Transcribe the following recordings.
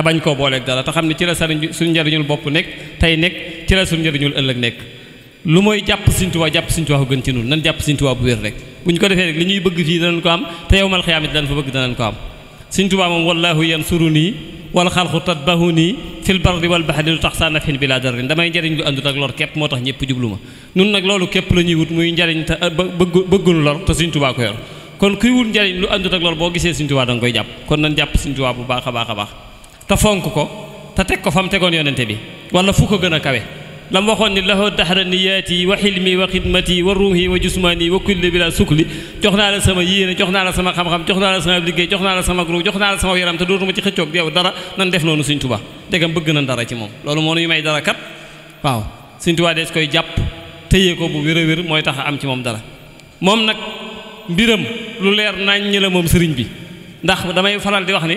te bañ koo booleeg dara te xam ne ci la sariñ suñ bopp nekk tey nekk ci la suñ njëriñul ëllëg nekk lu mooy jàpp Sëriñ Tuubaa jàpp Sëriñ Tuubaa ko gën ci nun nan jàpp Sëriñ Tuubaa bu wér rek bu ñu ko defee rek bi laa darin damay njëriñ lu àndut ak lor képp moo tax ñëpp jublu la ñuy wut bu baax a baax a baax te fonk ko te teg ko fa mu tegoon yonente bi wala fu ko gën a kawe lam waxoon ni laxoo daxara niyaati wa xilmi wa xidmati wa ruuhi wa jusmaani wa kulli bila sukli jox naa la sama yéene jox naa la sama xam-xam jox naa la sama liggéey jox naa la sama groupe jox naa la sama yaram te dootuma ci xëccoog yow dara nan def noonu Sëñ Tuubaa dégam bëgg na dara ci moom loolu moo nuy may dara kat waaw Sëñ de dees koy jàpp téye ko bu wér wér mooy tax a am ci moom dara moom nag mbiram lu leer nañ la moom sëriñ bi ndax damay faral di wax ni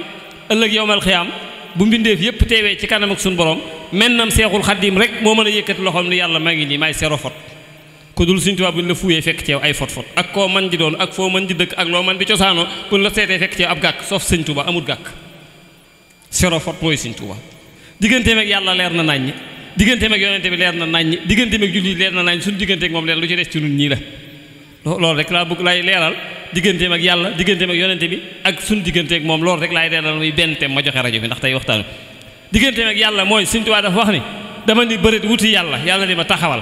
ëllëg yowmal xiyaam bu mbindeef yépp teewee ci kanam ak suñu borom mennam seexul xaddiim rek moo mën a yëkkati loxoom ni yàlla maa ngi nii maay sero fot ku dul suñ tubaab la fuuyee fekk ci yow ay fot fot ak koo man di doon ak foo man di dëkk ak loo man di cosaanoo buñ la seetee fekk ci yow ab gàkk soof sëñ tuba amul gàkk sero fot mooy sëñ tuba digganteem ak yàlla leer na naññi digganteem ak yonente bi leer na naññi digganteem ak julli leer na naññi suñu digganteeg moom leer lu ci des ci ñun ñii la loolu rek laa bëgg lay digganteem ak yàlla digganteem ak yonente bi ak suñ digganteeg moom loolu rek laay reeral muy benn thème ma joxe rajo bi ndax tey waxtaanu digganteem ak yàlla mooy Sëñ Tuubaa dafa wax ni dama ni bërit wuti yàlla yàlla di ma taxawal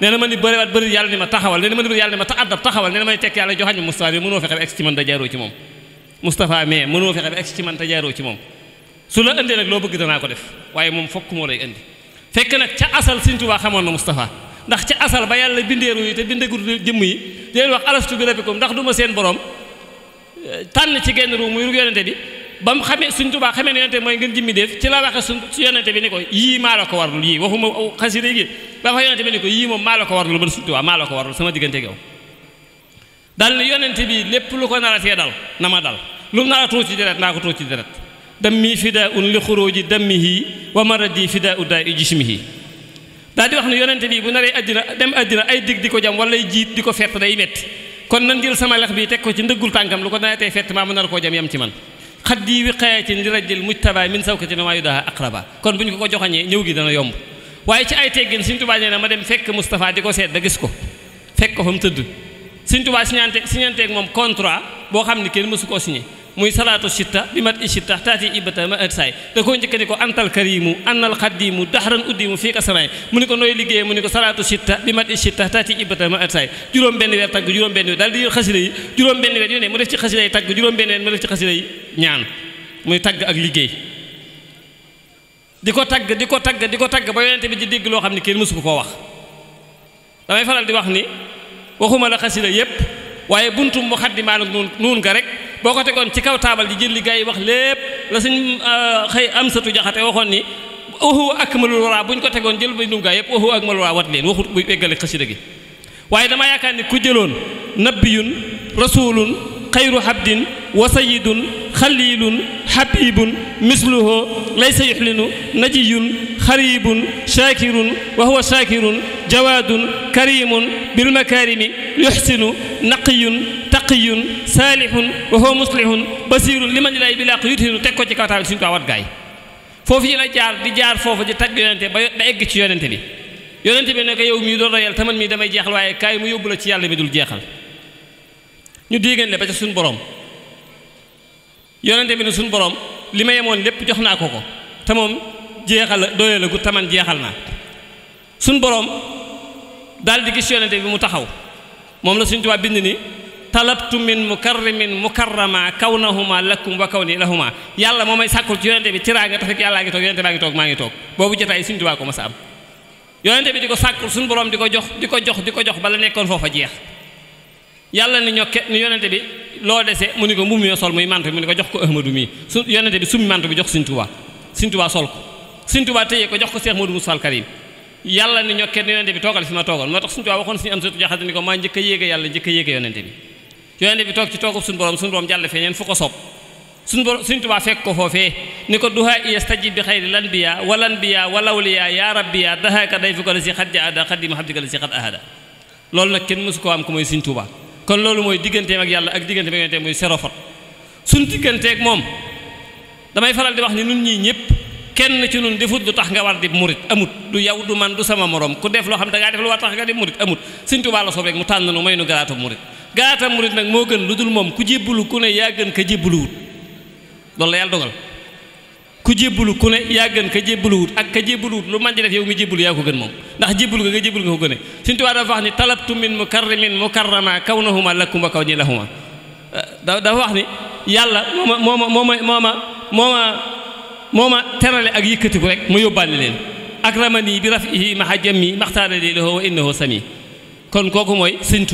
nee na ma ni bëriwaat bëri yàlla di ma taxawal nee na ma ni bëri yàlla di ma taxawal nee na ma ni tekk yàlla joxañ ma Moustapha bi mënoo fexe ba egsi ci man te jaaroo ci moom Moustapha mais mënoo fexe ba egsi su la indee nag loo bëgg danaa ko def waaye moom fokk moo lay indi fekk nag ca asal Sëñ Tuubaa xamoon ndax ci asal ba yàlla bindee ruuy te bindagul jëmm yi di leen wax alastu bi rabbikum ndax du ma seen borom tànn ci genn ruu muy ruu yonente bi ba mu xamee suñ tubaa xamee ne yonente bi mooy ngeen jëmmi def ci la waxee suñ yonente bi ni ko yii maa la ko warlul yii waxuma xasida yi ba wax yonente bi ni ko yii moom maa la ko war man suñ maa la ko warlul sama diggante ak yow dal ni yonente bi lépp lu ko naratee dal na ma dal lu nar a tuur ci deret naa ko tuur ci deret dammi fidaa un li xuróoji dammihi wa maradi fidaa u daa i jismihi daal wax ne yonente bi bu naree àddina dem àddina ay dig di ko jam wala jiit di ko fett day metti kon nan jël sama lex bi teg ko ci ndëggul tànkam lu ko naree tey fett maa nar koo jam yam ci man xat di wiqaayatin li rajjil mujtaba min sawkatin wa yudaha aqraba kon bu ñu ko ko joxañee ñëw gi dana yomb waaye ci ay teggin Sëñ Tuubaa nee na ma dem fekk Moustapha di ko seet da gis ko fekk ko fa mu tëdd Sëñ Tuubaa siñante siñanteeg moom contrat boo xam ne kenn mësu koo signé muy salaatu sitta bi mat i sitta taati ibata ma ët da koo njëkk ni ko antal karimu annal xadimu daxran uddimu mu ka samaay mu ne ko nooy liggéeyee mu ni ko salaatu sitta bi mat i sitta taati ibata ma ët saay juróom benn weer tagg juróom benn weer daal di yor yi juróom benn weer yu ne mu def ci xasida yi tagg juróom benn weer mu def ci xasida yi ñaan muy tagg ak liggéey di ko tagg di ko tagg di ko tagg ba yonente bi di dégg loo xam ne kenn mësu ko koo wax damay di wax ni waxuma la xasida yépp waaye buntu muxaddimaa nag nuun nuun nga rek boo ko tegoon ci kaw taabal ji jël li gaa yi wax lépp la suñ euh, xëy am satu jaxate waxoon ni uhu akmalul wara bu ñu ko tegoon jël ba nuun gaa yëpp uhu akmalul wara wat leen waxut buy eggale xasida gi waaye dama yaakaar ni ku jëloon nabiyun rasulun xayru habdin wa sayidun xaliilun xabiibun misluhu laysa yuxlinu najiyun xariibun shaakirun wa huwa shaakirun jawaadun kariimun bilmakaarimi yuxsinu naqiyun taqiyun saalihun wa huwa muslihun basiirun liman ilaahi bilaaq yutinu teg ko ci kaw taal suñu ko wat gaay foofu yi la jaar di jaar foofu di tagg yonente ba ba ci yonente bi yonente bi ne ko yow mii doon royal taman mii damay jeexal waaye kaay mu yóbbu la ci yàlla mi dul jeexal ñu diggante ba ca suñu borom yonente bi ne suñu borom li ma yemoon lépp jox naa ko ko te moom jeexal la doole la gu taman jeexal naa suñ borom daal di gis yonente bi mu taxaw moom la suñu tubaab bind ni talabtu min mukarrimin mukarrama kawnahuma lakum wa kawni lahuma yàlla moo may sàkkul ci yonente bi tiraa nga tax yàllaa ngi toog yonente baa ngi toog maa ngi toog boobu jotaay suñu tubaab ko ma sa am yonente bi di ko sàkkul suñu boroom di ko jox di ko jox di ko jox bala nekkoon foofa jeex yàlla ni ñokke ni bi loo dese mu ni ko mbubb mi yoo sol muy mantu bi mu ni ko jox ko ahmadu mii su yonente bi summi mantu bi jox Sëriñ Tuubaa Sëriñ Tuubaa sol ko Sëriñ Tuubaa téye ko jox ko Seex Moodu Mustafaa Karim yàlla ni ñokkee yonente a a yéege yonente bi yonente bi toog ci toogub suñu borom suñu borom jàll feeñeen fu ko soob suñu borom fekk ko foofee ni ko duhaa istajib bi xayri lan biya walan biya walawliya ya rabbiya dahaaka day fi ko la si xat ja ada la si xat ahada loolu nag kenn mësu ko am ko mooy Sëriñ Tuubaa kon loolu mooy digganteem ak yàlla ak digganteem ak yonente muy serofot suñ digganteeg moom damay faral di wax ni nun ñii ñëpp kenn ci nun defut lu tax nga war di murit amut du yow du man du sama morom ku def loo xam da ngaa def lu war tax nga di murit amut Sëñ Tuubaa la soob rek mu tànn nu may nu garaata murit garaata murit nag moo gën lu dul moom ku jébbalu ku ne yaa gën ka jébbaluwut loolu la yàlla dogal ku jébbalu ku ne yaa gën ka jébbaluwut ak ka jébbaluwut lu man di def yow mi jébbalu yaa ko gën moom ndax jébbalu nga nga jébbalu nga ko gëne suñu tubaab dafa wax ni talabtu min mukarrimin mukarrama kawnahuma lakum wa kawni lahuma da dafa wax ni yàlla moo ma moo ma moo moo ma moo ma terale ak yëkkatiku rek mu yóbbaale leen ak ramani bi rafihi maha jammi maxtaara li lahu wa innahu sami kon kooku mooy sëñ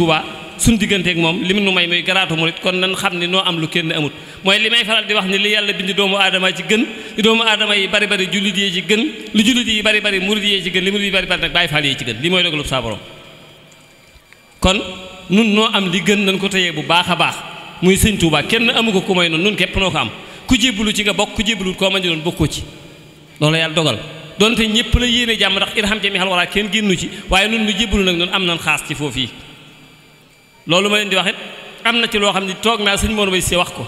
suñ digganteek moom lim nu may muy garaatu murit kon nan xam ni noo am lu kenn amut mooy li may faral di wax ni li yàlla bind doomu aadama ci gën li doomu aadama yi bari bari jullit yi ci gën li jullit yi bari bari murit yi ci gën li murit yi bari bari nag bàyyi faal yi ci gën li mooy dogalub saa borom kon nun noo am li gën nañ ko téye bu baax a baax muy sëñ Tuubaa kenn amu ko ku may noonu nun képp noo ko am ku jébbalu ci nga bokk ku jébbalul koo man di doon ci loolu yàlla dogal donte ñëpp la yéene jàmm ndax irham jami xal wala kenn génnu ci waaye nun nu jébbalu nag noonu am nan xaas ci foofu loolu ma leen di wax am na ci loo xam ne toog naa sëñ Mor Mbaye si wax ko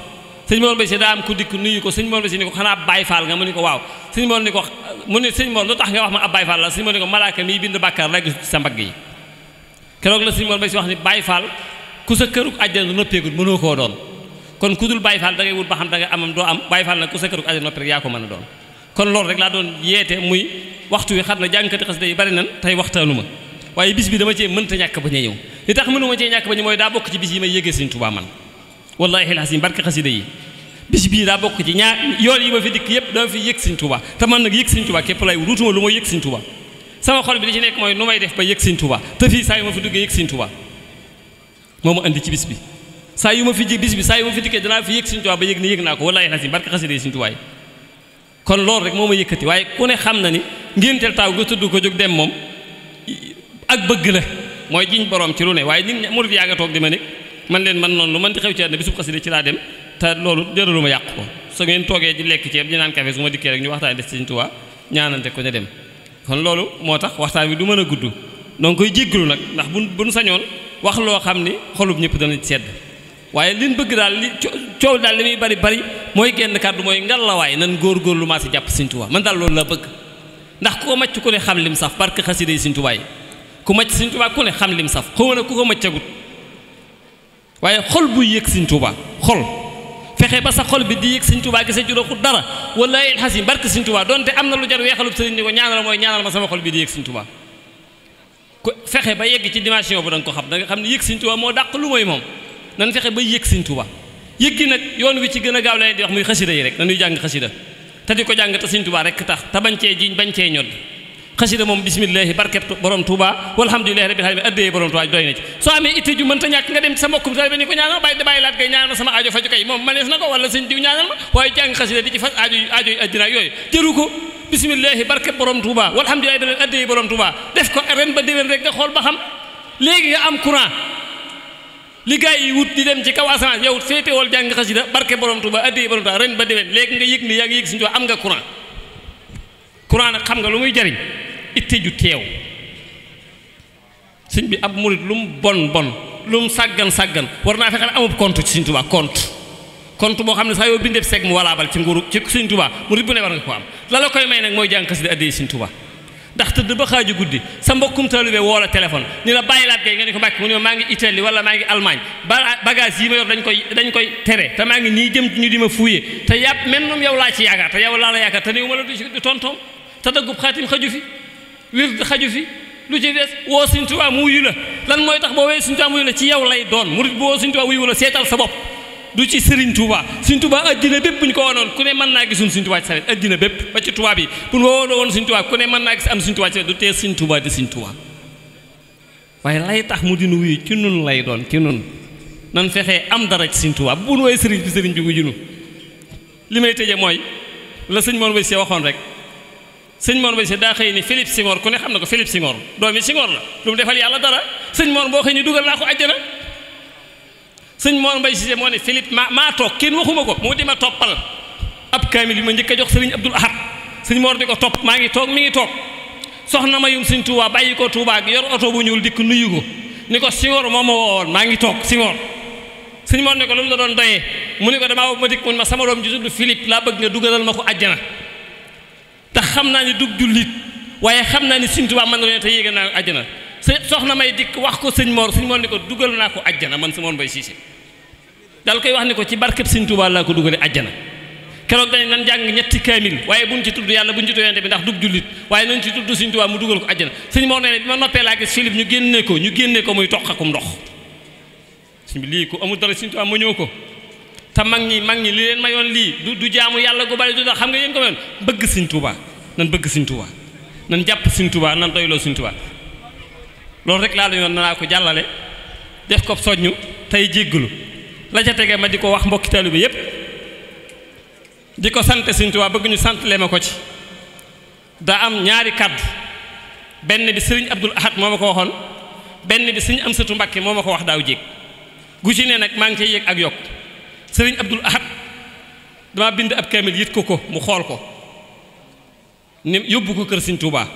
sëñ Mor Mbaye si daa am ku dikk nuyu ko sëñ Mor Mbaye si ni ko xanaa Baay Faal nga mu ni ko waaw sëñ Mor ni ko mu ne sëñ Mor lu tax nga wax ma ab Baay Faal la sëñ Mor ni ko malaaka miy bind bàkkaar laa gis ci sa mbagg yi keroog la sëñ Mor Mbaye si wax ni Faal ku sa këruk àjjana noppeegul mënoo koo doon kon ku dul Baay Faal da ngay wut ba xam da nga amam doo am Baay Faal nag ku sa këruk àjjana noppee rek yaa ko mën a doon kon loolu rek laa doon yeete muy waxtu wi xam ne jàngkati xasida yi bari nan tey waxtaanu ma waaye bis bi dama cee mënta ñàkk bañ a ñëw li tax mënuma cee ñàkk bañ mooy daa bokk ci bis yi daa bokk ci ñaar yoon yi ma fi dikk yëpp dama fi yëg sëñ Tuubaa te fii saa yu ma fi duggee yëg sëñ Tuubaa moo ma andi ci bis bi saa yu ma fi dikkee danaa fi yëg sëñ Tuubaa ba yëg ne yëg naa ko wallaahi laasim barke xasida yi sëñ Tuubaa kon loolu rek moo ma yëkkati waaye ku ne xam na ni ngénteel taaw nga tudd ko jóg dem moom ak bëgg la mooy jiñ borom ci lu ne waaye nit ñi murid yaa nga toog di ma nekk man leen man noonu lu man di xew ci àdduna bi xasida ci laa dem te loolu jëralu ma yàq ko su ngeen toogee di lekk ceeb di naan café su ma dikkee rek ñu waxtaan des Sëriñ Tuubaa ko ñu dem kon loolu moo tax waxtaan wi du mën a gudd donc koy jéggalu nag ndax bu bu buñ sañoon wax loo xam ni xolub ñëpp danañ sedd waaye liñ bëgg daal li coow daal li muy bari bari mooy genn kàddu mooy ngalawaay nan góorgóorlu maa si jàpp Sëriñ Tuubaa man daal loolu la bëgg ndax koo macc ko ne xam lim saf barke xasida yi Sëriñ ku macc Sëñ Tuubaa ku ne xam lim saf xaw na ku ko maccagut waaye xol buy yëg Sëñ Tuubaa xol fexe ba sa xol bi di yëg Sëñ Tuubaa gise ci doxul dara wallaahi alxasim barke Sëñ Tuubaa donte am na lu jar weexalub sëriñ ni ko ñaanal mooy ñaanal ma sama xol bi di yëg Sëñ Tuubaa ku fexe ba yegg ci dimension bu da ko xam da nga xam ne yëg Sëñ Tuubaa moo dàq lu mooy moom nan fexe ba yëg Sëñ Tuubaa yëg gi nag yoon wi ci gën a gaaw la di wax muy xasida yi rek na jàng jàng te Sëñ Tuubaa rek tax te bañ cee jiñ bañ cee xasida moom bisimillahi barkeb borom Touba walhamdulilahi moom manees na ko wala sëñ diw ñaanal ma waaye jàng xasida di ci fas aajo aajo rek nga xool ba xam nga am courant li gars yi wut di ci kaw asamaan yow féetewool jàng xasida barke borom Touba addee borom Touba ren ba nga yëg ni yaa ngi yëg suñu am nga courant courant nag xam nga lu muy jariñ itte ju teew sëñ bi ab murit lu mu bon bon lu mu sàggan sàggan war naa fexe amub compte ci sëñ Tuubaa kont compte boo xam ne saa yoo bindee seeg mu walaabal ci nguuru ci sëñ Tuubaa murit bu ne war nga ko am la la koy may nag mooy jànkas di addee sëñ Tuubaa ndax tëdd ba xaaju guddi sa mbokkum taalibe woo la téléphone ni la bàyyi laat gay nga ne ko bàkk mu ne ma maa ngi Italie wala maa ngi Allemagne ba bagage yi ma yor dañ koy dañ koy tere te maa ngi nii jëm ñu di ma fuuyee te yàpp même moom yow laa ci yaakaar wird xaju fi lu ci des woo Sëñ Tuubaa mu wuyu la lan mooy tax boo wee Sëñ Tuubaa mu wuyu la ci yow lay doon murit bu woo Sëñ la seetal sa bopp du ci Sëriñ Tuubaa Sëñ Tuubaa addina bépp bu ñu ko woonoon ku ne mën naa gis Sëñ Tuubaa ci sawet addina bépp ba ci tubaab yi pour woo woon Sëñ Tuubaa ku ne mën naa gis am Sëñ du tee Sëñ Tuubaa di Sëñ Tuubaa waaye lay tax mu dinu wuyu ci nun lay doon ci nun nan fexe am dara ci Sëñ Tuubaa bu nu wooyee sëriñ bi sëriñ bi wujunu li may tëje mooy la sëñ moon way see waxoon rek sëñ Mor Mbay si daa xëy ni Philippe Senghor ku ne xam na ko Philippe Senghor doomi Senghor la lu mu defal yàlla dara sëñ Mor boo xëy ni dugal naa ko àjjana sëñ Mor Mbay si moo ne Philippe maa maa kenn waxuma ko mu di ma toppal ab kaamil bi ma njëkk jox sëriñ Abdul Ahad sëñ Mor di ko topp maa ngi toog mi ngi toog soxna mayum sëñ Touba bàyyi ko Touba yor oto bu ñuul dikk nuyu ko ni ko Senghor moo ma maa ngi toog Senghor sëñ Mor ne ko lu mu la doon doyee mu ne ko damaa woo ma dikk mun ma sama doom ji tudd Philippe laa bëgg nga dugalal ma ko àjjana te xam naa ne dug jullit waaye xam naa ne sëñ Tuubaa mën na leen te yéegal naa ko àjjana sa soxna may dikk wax ko sëñ Mor sëñ Mor ni ko dugal naa ko àjjana man si Mor Mbay Siise dal koy wax ni ko ci barkeb sëñ Tuubaa laa ko dugale àjjana keroog dañ nan jàng ñetti kaamil waaye buñ ci yàlla buñ ci tudd bi ndax dug jullit waaye nañ ci tudd sëñ Tuubaa mu dugal ko àjjana sëñ Mor nee ne ma noppee laa gis Philippe ñu génne ko ñu génne ko muy toq akum ndox sëñ bi lii ko amul dara sëñ Tuubaa ma ñëw ko te mag ñi mag ñi li leen mayoon lii du du jaamu yàlla gu bari du tax xam nga yéen ko mayoon bëgg Sëñ Tuubaa nan bëgg Sëñ Tuubaa nan jàpp Sëñ Tuubaa nan doyloo Sëñ Tuubaa loolu rek laa la yoon nanaa ko jàllale def ko soññu tey jéggalu la ca tege ma di ko wax mbokki taalibe bi yépp di ko sant Sëñ Tuubaa bëgg ñu sant le ma ko ci daa am ñaari kàddu benn bi sëriñ Abdul Ahad moo ma ko waxoon benn bi sëriñ Amsatu Mbàkke moo ma ko wax daaw jéeg gu ci ne nag maa ngi cay yëg ak yokk sëriñ Abdul Ahad dama bind ab kaamil yit ko ko mu xool ko ne yóbbu ko kër Sëriñ Tuubaa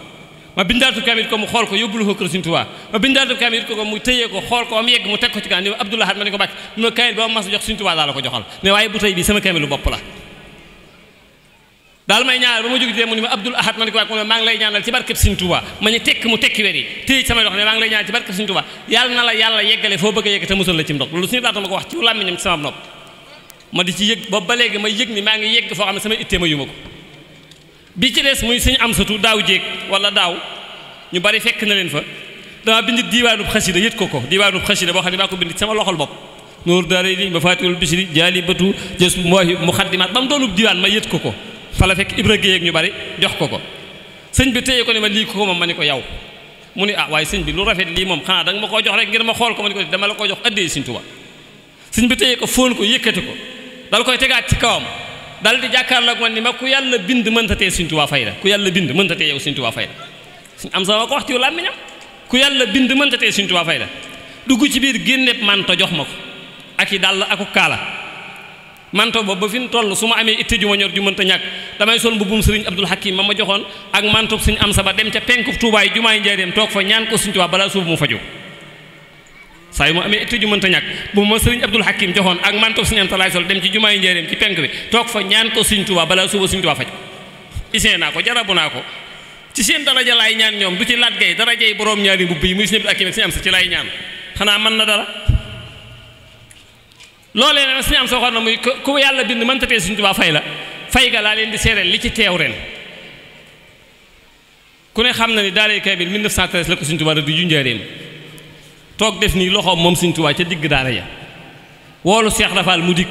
ma bindaatu kaamil ko xool ko yóbbulu ko kaamil yit ko ko mu tëyee ko xool ko am yegg mu teg ko ci kan ne ma Abdul Ahad ma ne ko bàcc ma mas jox Sëriñ Tuubaa daa bu tey bi sama kaamilu bopp la daal may ñaanal ba ma lay ñaanal ci barkeb Sëriñ Tuubaa ma ñu tekk mu tekki wer yi téye samay ne maa ngi lay ñaanal ci barkeb Sëriñ Tuubaa yàlla na la yàlla yeggale foo bëgg a yegg te musal la ci ndox loolu suñu daata ma ko wax ci làmmiñam sama nopp ma di ci yëg boobu ba léegi may yëg ni maa ngi yëgg foo xam ne sama ittee ma yuma ko bi ci des muy suñu am satu daaw jéeg wala daaw ñu bari fekk na leen fa dama bind diiwaanub xasida yët ko ko diiwaanub xasida boo xam ne maa ko bind ci sama loxol bopp Nuuru Daarayni Mafaatihul Bichri Jaalibatu jës mooy muxaddimaat ba mu doonub diiwaan ma yët ko ko fa la fekk Ibra Géey ak ñu bari jox ko ko sëñ bi téye ko ne ma lii ko ko moom ma ne ko yow mu ne ah waaye sëñ bi lu rafet lii moom xanaa danga ma koo jox rek ngir ma xool ko ma ni ko dama la koo jox addee sëñ Tuubaa sëñ bi téye ko fóon ko yëkkati ko dal koy tegaat ci kawam dal di jàkkaarloog man ni ma ku yàlla bind mënta tee Sëñ Tuubaa fayda ku yàlla bind mënta tee yow Sëñ Tuubaa fayda suñ am sama ko wax ci wu làmmiñam ku yàlla bind mënta tee Sëñ fay fayda dugg ci biir génneeb manto jox ma ko ak i dàll aku kaala manto boobu ba fi mu toll su ma amee itte ju ma ñor ju mënta ñàkk damay sol mbubbum sëriñ Abdul Hakim ma ma joxoon ak mantob suñ am sa ba dem ca penku Tuubaa yi jumaay njaareem toog fa ñaan ko Sëñ Tuubaa balaa suuf mu faju saa yu ma amee itti ju mënta ñàkk bu ma sëriñ Abdul Hakim joxoon ak manto suñu antalaay sol dem ci jumaayi njëreem ci penk toog fa ñaan ko suñ Tuubaa balaa suba suñ Tuubaa naa ko jarabu naa ko ci seen daraja ñaan ñoom du ci laaj gay yi borom ñaari mbubb yi muy suñu Abdul ñaan xanaa mën na dara loolee nag na muy yàlla bind mënta tee suñ Tuubaa fay la fay ga laa leen di seereel li ci teew ren ku ne xam na ni daal kay bi 1913 la ko suñ Tuubaa du ju njëreem toog def nii loxoom moom Sëñ Tuubaa ca digg daala ya woolu Seex Rafaal mu dikk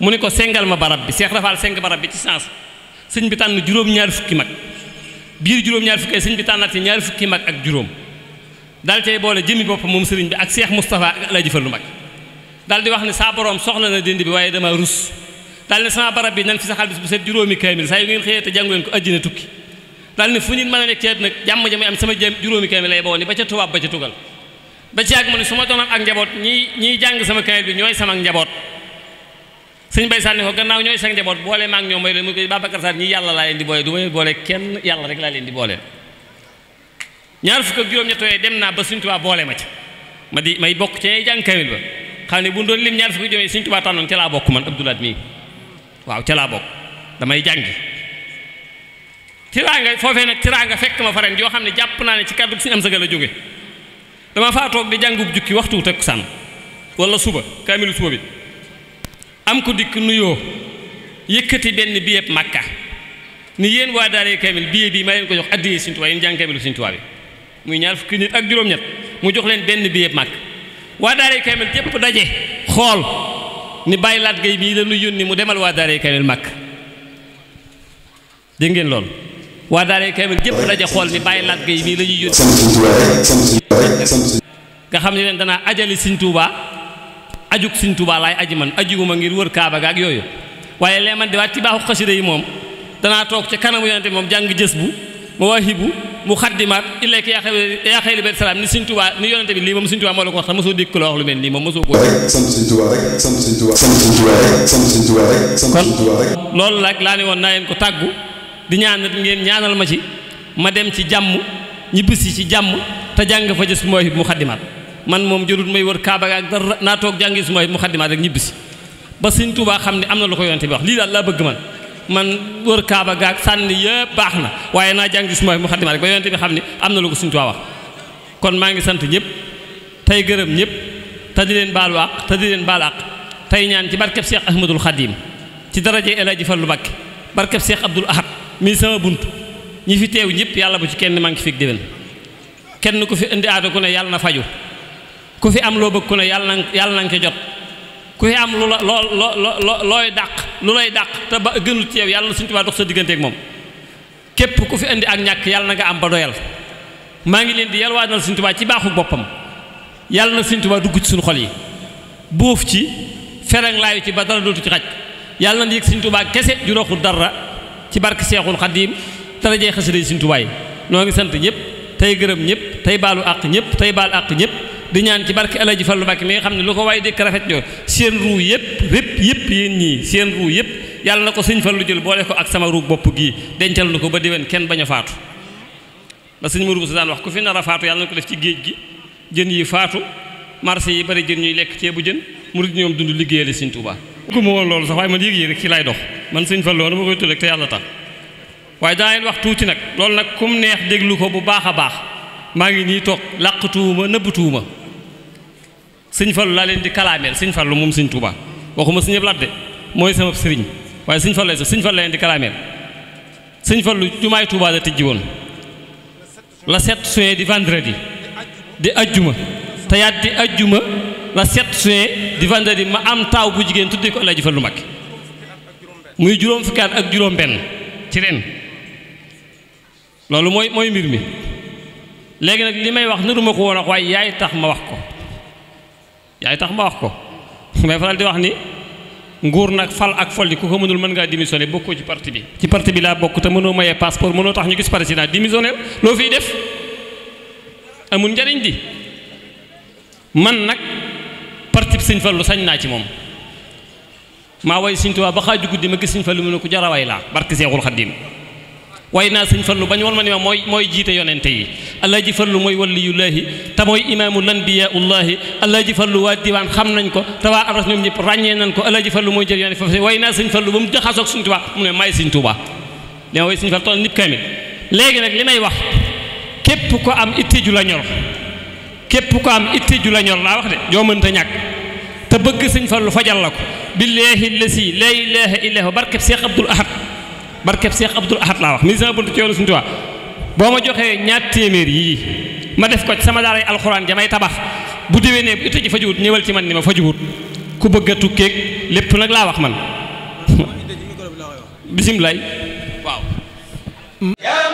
mu ne ko sengal ma barab bi Seex Rafaal seng barab bi ci sens sëñ bi tànn juróom-ñaari fukki mag biir juróom-ñaari fukki sëñ bi tànnaat ci ñaari fukki mag ak juróom daal cay boole jëmi boppam moom sëriñ bi ak Seex Moustapha ak Alaaji Fallu mag daal di wax ne saa borom soxla na dindi bi waaye dama rus daal ne sama barab bi nan fi saxal bis bu set juróomi kaamil saa yu ngeen xëyee te jàngu leen ko àddina tukki daal ne fu a nekk ceet nag jàmm ja lay boo ni ba ca tubaab ba ca tugal ba ci yàgg mu ne su ma doon ak njaboot ñiy ñiy jàng sama kaamil bi ñooy sama njaboot suñ bay sànni ko gannaaw ñooy sa njaboot boole maag ñoom may leen mu koy Babacar Sarr ñii yàlla laa leen di boole du may boole kenn yàlla rek laa leen di boole ñaar fukk ak juróom-ñett yooyu dem naa ba suñ tubaa boole ma ci ma di may bokk ci ñay jàng kaamil ba xam ne bu doon lim ñaar fukk ak juróom suñ tubaa tànnoon ca laa bokk man Abdoulaat mii waaw ca laa bokk damay jàngi tiraanga foofee nag tiraanga fekk ma faren xam ne jàpp naa ne ci kàddu suñu am sagal a jóge dama faa toog di jàngub jukki waxtu takkusaan wala suba kaamilu suba bi am ko dikk nuyoo yëkkati benn billet màkka ni yéen waa daaree kaamil billet bi ma leen ko jox addiyee Sëñ Tuubaa yéen jàng kaamilu Sëñ bi muy ñaar fukki nit ak juróom-ñett mu jox leen benn billet màkk waa daaree kaamil yépp daje xool ni bàyyi laat gay bii la nu yónni mu demal waa daaree kaamil màkk dégg lool waa daara kaamil gépp daje xool ni bàyyi laat gay mii la ñuy yónni nga xam ne leen danaa ajali Sëñ Tuubaa ajug Sëñ Tuubaa laay aji man ajuguma ngir wër kaaba ga ak yooyu waaye lee man di waa ci baaxu xasida yi moom danaa toog ca kanamu yonente moom jàng jës bu mawaahibu mu xaddimaat illee ki yaa xëy li bet salaam ni Sëñ Tuubaa ni yonente bi lii moom Sëñ Tuubaa moo la ko wax sax mosoo dégg la wax lu mel nii moom mosoo ko sant Sëñ Tuubaa rek sant Sëñ Tuubaa rek sant Sëñ Tuubaa rek sant Sëñ Tuubaa rek sant Sëñ Tuubaa rek loolu di ñaanal ngeen ñaanal ma ci ma dem ci jàmm ñibbisi ci jàmm te jàng fa ja Sumahib Muxaddimaat man moom jërul may wër Kaaba ga ak dara naa toog jàngi Sumahib Muxaddimaat rek ñibbisi ba Sëñ Tuubaa xam ne am na lu ko yonte bi wax lii daal laa bëgg man man wër Kaaba ga ak sànni yëpp baax na waaye naa jàng jàngi Sumahib Muxaddimaat rek ba yonte bi xam ne am na lu ko Sëñ Tuubaa wax kon maa ngi sant ñëpp tey gërëm ñëpp te di leen baalu àq te di leen baal tey ñaan ci barkeb Cheikh Ahmadul Xadim ci daraje mii sama bunt ñi fi teew ñëpp yàlla bu ci kenn manqué fi déwén kenn ku fi indi aada ku ne yàlla na faju ku fi am loo bëgg ku ne yàlla na yàlla na nga jot ku fi am lu la loo loo looy dàq lu lay dàq te ba gënul ci yow yàlla na suñu tubaab dox sa diggante ak moom képp ku fi indi ak ñàkk yàlla na nga am ba doyal maa ngi leen di yalwaanal suñu tubaab ci baaxu boppam yàlla na suñu tubaab dugg ci suñu xol yi buuf ci ferang laayu ci ba dara dootu ci xaj yàlla dara ci barke Seexul Xadiim darajay xasida yi Sëriñ Tuubaa yi noo ngi sant ñëpp tey gërëm ñëpp tey baalu àq ñëpp tey baal àq ñëpp di ñaan ci barke Alaaji Fallu Mbàkke mi nga xam ne lu ko waaye dëkk rafet ñoo seen ruu yëpp yëpp yëpp yéen ñii seen ruu yëpp yàlla na ko sëñ Fallu jël boole ko ak sama ruu bopp gii dencal na ko ba déwén kenn bañ a faatu ndax sëñ Mourou Bousso daan wax ku fi nara a faatu yàlla na ko def ci géej gi jën yi faatu marché yi bari jën ñuy lekk ceebu jën mu ñoom dund liggéeyale Sëñ Tuubaa ku ma woon loolu sax waaye man yéeg man sëñ Fallu dama koy tudd rek te yàlla tax waaye daa leen wax tuuti nag loolu nag kum neex déglu ko bu baax a baax maa ngi nii toog làqatuwuma nëbbatuwuma sëñ Fallu laa leen di kalaameel sëñ Fallu moom sëñ Tuubaa waxuma sëñ Abdu de mooy sama sëriñ waaye sëñ Fallu lay sax di kalaameel sëñ Fallu jumaay Tuubaa la tijji woon la sept di vendredi la sept juin di vendredi ma am taaw bu jigéen tuddee ko El Hadj Fallou muy juróom fukki ak juróom benn ci ren loolu mooy mooy mbir mi léegi nag li may wax niruma ko woon wax waaye yaay tax ma wax ko yaay tax ma wax ko may faral di wax ni nguur nag fal ak folli ku ko mënul mën ngaa démissionné bokkoo ci parti bi ci parti bi laa bokk te mënoo mayee passeport mënoo tax ñu gis président démissionné loo fiy def amul njariñ di man nag barkib sëñ Fallu sañ naa ci moom maa way sëñ Tuubaa ba xaaju guddi ma gis sëñ Fallu mu ne ku jara way laa barki Seexul Xaddiim way naa sëñ Fallu bañ war ma mooy mooy jiite yonente yi Alaaji Fallu mooy waliyullaahi te mooy ko te waa aras ñoom ñëpp ko Alaaji Fallu mooy jël yonente foofu way naa sëñ Fallu ba mu jaxasoog sëñ Tuubaa mu ne maay sëñ Tuubaa dama way sëñ Fallu toll nit kaamil léegi nag li may wax képp ko am itte la ñor képp ko am itte ju la ñor laa wax de joo mënta te bëgg sëñ Fallu fajal la ko billaahi lasi laa ilaaha illaa huwa barkeb Seex Abdul Ahad barkeb Seex Abdul Ahad laa wax mi sama buntu ci yoonu suñu boo ma joxee ñaar téeméer yii ma def ko ci sama daaray alxuraan jamay tabax bu déwénee bu itte ji fajuwut ñëwal ci man ni ma fajuwut ku bëgg a tukkeeg lépp nag laa wax man bisimilaay waaw